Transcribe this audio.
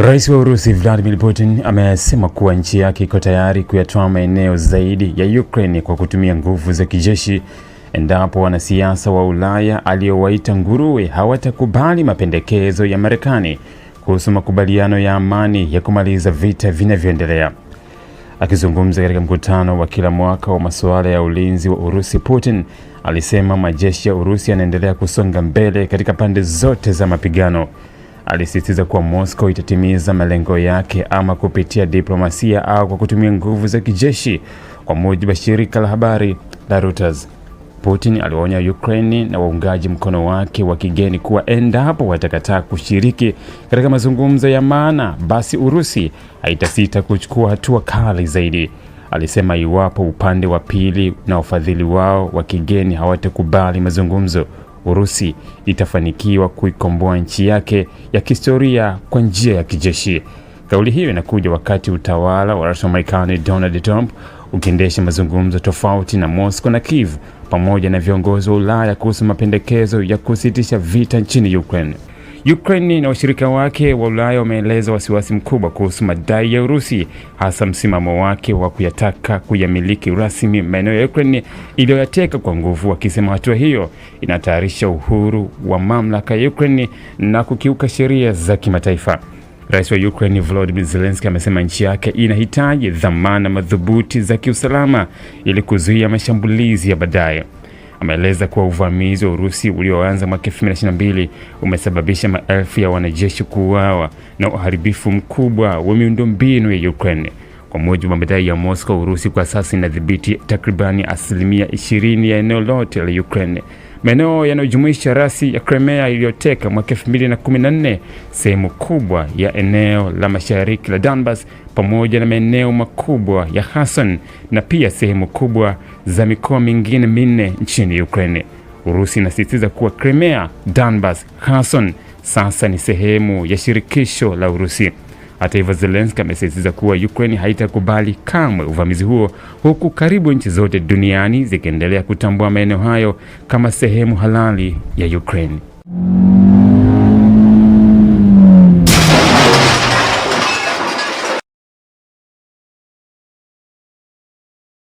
Rais wa Urusi Vladimir Putin amesema kuwa nchi yake iko tayari kuyatoa maeneo zaidi ya Ukraine kwa kutumia nguvu za kijeshi endapo wanasiasa wa Ulaya aliyowaita nguruwe hawatakubali mapendekezo ya Marekani kuhusu makubaliano ya amani ya kumaliza vita vinavyoendelea. Akizungumza katika mkutano wa kila mwaka wa masuala ya ulinzi wa Urusi, Putin alisema majeshi ya Urusi yanaendelea kusonga mbele katika pande zote za mapigano alisisitiza kuwa Moscow itatimiza malengo yake ama kupitia diplomasia au kwa kutumia nguvu za kijeshi. Kwa mujibu wa shirika la habari la Reuters, Putin aliwaonya Ukraine na waungaji mkono wake wa kigeni kuwa endapo watakataa kushiriki katika mazungumzo ya maana, basi Urusi haitasita kuchukua hatua kali zaidi. Alisema iwapo upande wa pili na wafadhili wao wa kigeni hawatakubali mazungumzo, Urusi itafanikiwa kuikomboa nchi yake ya kihistoria kwa njia ya kijeshi. Kauli hiyo inakuja wakati utawala wa rais wa Marekani Donald Trump ukiendesha mazungumzo tofauti na Moscow na Kiev pamoja na viongozi wa Ulaya kuhusu mapendekezo ya kusitisha vita nchini Ukraine. Ukraine na washirika wake wa Ulaya wameeleza wasiwasi mkubwa kuhusu madai ya Urusi, hasa msimamo wake wa kuyataka kuyamiliki rasmi maeneo ya Ukraine iliyoyateka kwa nguvu, wakisema hatua hiyo inatayarisha uhuru wa mamlaka ya Ukraine na kukiuka sheria za kimataifa. Rais wa Ukraine Volodymyr Zelensky amesema nchi yake inahitaji dhamana madhubuti za kiusalama ili kuzuia mashambulizi ya baadaye ameeleza kuwa uvamizi wa Urusi ulioanza mwaka 2022 umesababisha maelfu ya wanajeshi kuuawa na uharibifu mkubwa wa miundombinu ya Ukraine. Kwa mujibu wa madai ya Moscow, Urusi kwa sasa inadhibiti takribani asilimia 20 ya eneo lote la Ukraine maeneo yanayojumuisha rasi ya Crimea iliyoteka mwaka 2014, sehemu kubwa ya eneo la mashariki la Donbas pamoja na maeneo makubwa ya Kherson na pia sehemu kubwa za mikoa mingine minne nchini Ukraine. Urusi inasisitiza kuwa Crimea, Donbas, Kherson sasa ni sehemu ya shirikisho la Urusi. Hata hivyo, Zelensky amesisitiza kuwa Ukraine haitakubali kamwe uvamizi huo, huku karibu nchi zote duniani zikiendelea kutambua maeneo hayo kama sehemu halali ya Ukraine.